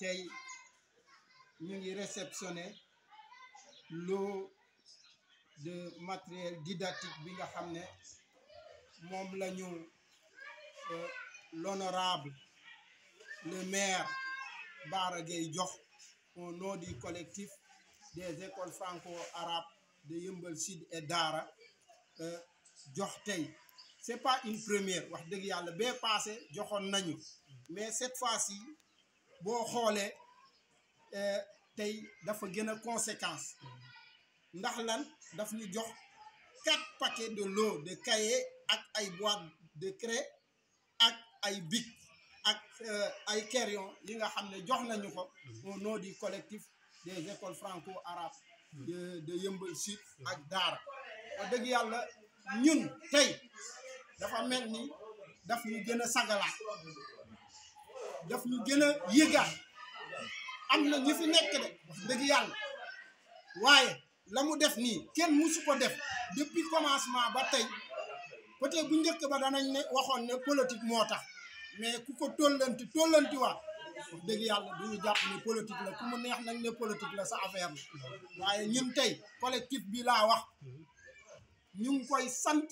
tey ñu ngi réceptionné lot de matériel didactique bi nga xam ne moom la ñu euh, l'honorable le maire Bara Gaye jox au nom du collectif des écoles franco-arabes de yëmbal Sud et Daara euh, jox tey c'est pas une première wax dëgg yàlla bee passé joxoon nañu mais cette fois-ci boo xoolee eh, tey dafa gën a conséquence ndax lan daf ñu jox quatre paquets de l'eau de cahier ak ay boîte de craie ak ay bic ak eh, ay crayon li nga xam ne jox nañu ko au nom du collectif des écoles franco-arabes de de Yeumbeul ak Daara a dëgg yàlla ñun tey dafa mel ni daf ñu gën a sagalaat daf ñu gën a yëgaat am na ñi fi nekk de wax dëgg yàlla waaye la mu def nii kenn mu musu ko def depuis commencement ba tey peut bu njëkk ba danañ ne waxoon ne politique moo tax mais ku ko tollanti tollanti waat wax dëgg yàlla du ñu jàpp ne politique la ku mu neex nañ ne politique la sa affaire la waaye ñun tey collectif bi laa wax ñu koy sant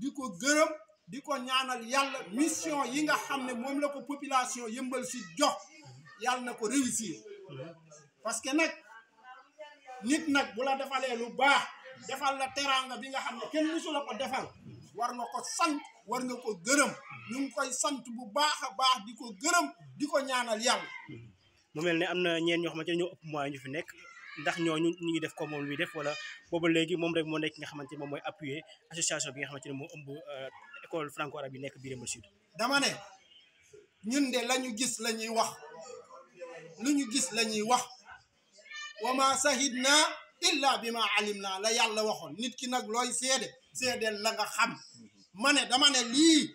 di ko gërëm di ko ñaanal yàlla mission yi nga xam ne moom la ko population yëmbal si jox yàlla na ko réussir parce que nag nit nag bu la defalee lu baax defal la teraanga bi nga xam ne kenn musu la ko defal war na ko sant war nga ko gërëm ñu ngi koy sant bu baax a baax di ko gërëm di ko ñaanal yàlla. mu mel ne am na ñeen ñoo xamante ne ñoo ëpp moyen ñu fi nekk ndax ñoo ñu ngi def ko moom wi def wala booba léegi moom rek moo nekk nga xamante ne moom mooy appuyer association bi nga xamante ne moo ëmb. Euh, école franco arabe yi nekk biir Yeumbeul Sud. dama ne ñun de la ñu gis lañuy wax lu ñu gis la wax wa ma sahidna illa bi ma alim naa la yàlla waxoon nit ki nag looy seede seedeel la nga xam ma ne dama ne lii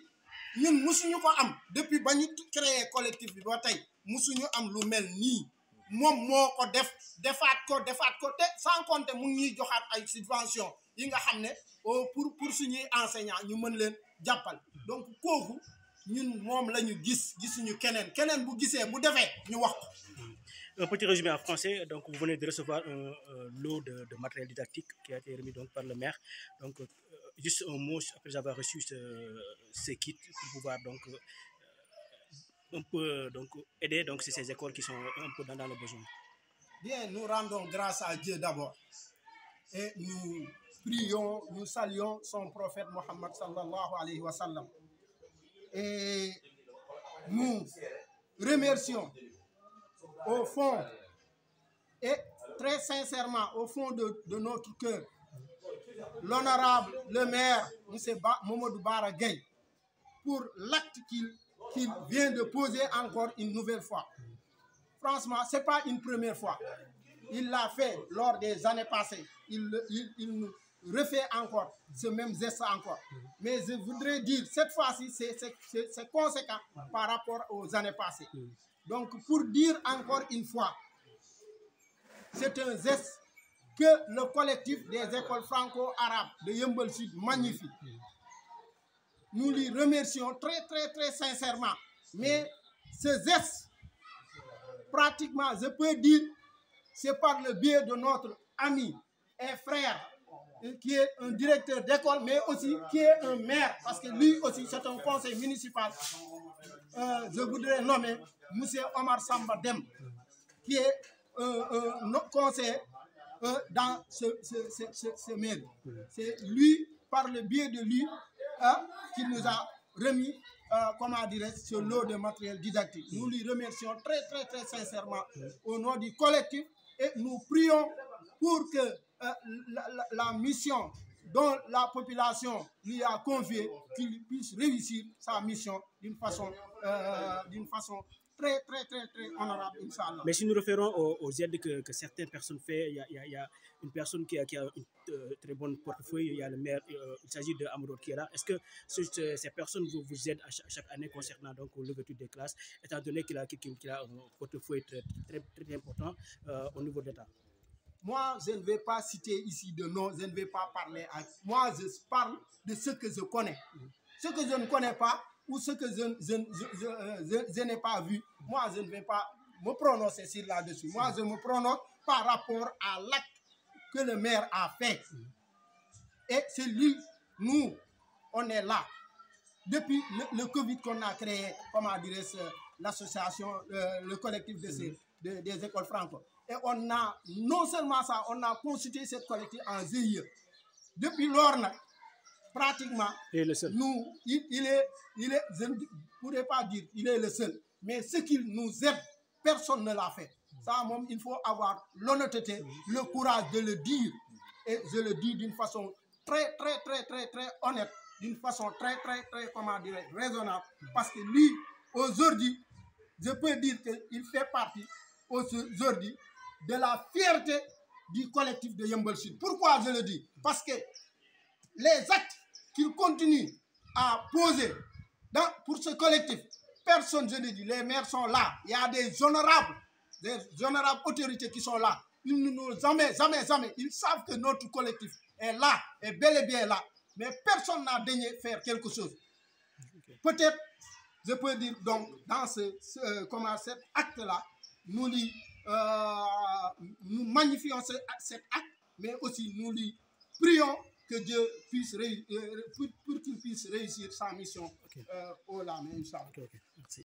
ñun musuñu ko am depuis ba ñu créé collective bi ba tey musuñu am lu mel nii moom moo ko def defaat ko defaat ko te sans compter mu ñuy joxaat ay subvention yi nga xam ne oh, pour pour suñuy enseignants ñu mën leen jàppal donc kooku ñun moom la ñu gis gisuñu keneen keneen bu gisee bu defee ñu wax ko. Un petit résumé en français. Donc, vous venez de recevoir un lot de, de, matériel didactique qui a été remis donc, par le maire. Donc, euh, juste un mot après avoir reçu ce, ce kit pour pouvoir donc, euh, un peu, donc, aider donc, ces écoles qui sont un peu dans, dans le besoin. Bien, nous rendons grâce à Dieu d'abord. Et nous prions, nous saluons son prophète Mohammed sallallahu alayhi wa sallam. Et nous remercions au fond et très sincèrement au fond de, de notre cœur l'honorable le maire M. Ba, Momodou pour l'acte qu'il vient de poser encore une nouvelle fois. Franchement, ce n'est pas une première fois. Il l'a fait lors des années passées. Il, il, refait encore ce même geste encore. Mais je voudrais dire, cette fois-ci, c'est conséquent par rapport aux années passées. Donc, pour dire encore une fois, c'est un geste que le collectif des écoles franco-arabes de Yumbel Sud magnifie. Nous lui remercions très, très, très sincèrement. Mais ce geste, pratiquement, je peux dire, c'est par le biais de notre ami et frère qui est un directeur d'école, mais aussi qui est un parce que lui aussi, c'est un conseil municipal. Euh, je voudrais nommer M. Omar Samba Dem, qui est euh, euh, euh dans ce, ce, C'est lui, par le biais de lui, hein, qui nous a remis euh, comment dirais ce lot de matériel didactique. Nous lui remercions très, très, très sincèrement au nom du collectif et nous prions pour que Euh, la, la, la mission dont la population lui a convié qu'il puisse réussir sa mission d'une façon, euh, d'une façon très, très, très, très honorable, Inch'Allah. Mais si nous référons aux, aux aides que, que, certaines personnes font, il y a, y, a, y a, une personne qui a, qui a une euh, très bonne portefeuille, il y a le maire, euh, il s'agit de Amadou Kiera. Est-ce que ce, ces personnes vous, vous aident à chaque, chaque, année concernant donc l'ouverture des classes, étant donné qu'il a, qu'il a un portefeuille très, très, très important euh, au niveau de l'État Moi, je ne vais pas citer ici de non je ne vais pas parler à... Moi, je parle de ce que je connais. Ce que je ne connais pas ou ce que euh, je, n'ai pas vu, moi, je ne vais pas me prononcer sur là-dessus. Moi, je me prononce par rapport à l'acte que le maire a fait. Et c'est lui, nous, on est là. Depuis le, Covid qu'on a créé, comment dirais-je, l'association, euh, le collectif de ces de, des écoles francophones. Et on a, non seulement ça, on a constitué cette collectif en GIE. Depuis lors, pratiquement, il le seul. nous, il, est, il est, je pas dire, il est le seul. Mais ce qu'il nous aide, personne ne l'a fait. Ça, même, il faut avoir l'honnêteté, le courage de le dire. Et d'une façon très, très, très, très, très honnête, d'une façon très, très, très, comment dire, raisonnable. Parce que lui, aujourd'hui, je peux dire qu'il fait partie aujourd'hui de la fierté du collectif de Yembel Sud. Pourquoi je le dis Parce que les actes qu'il continue à poser dans, pour ce collectif, personne, je ne dis, les maires sont là. Il y a des honorables, des honorables autorités qui sont là. Ils ne nous jamais, jamais, jamais. Ils savent que notre collectif est là, et bel et bien là. Mais personne n'a daigné faire quelque chose. Peut-être, je peux dire donc, dans ce, ce comment là nous lui euh, nous magnifions ce, cet acte, mais aussi nous lui prions que Dieu puisse, euh, pour, pour qu'il puisse réussir sa mission okay. euh, au lendemain, okay,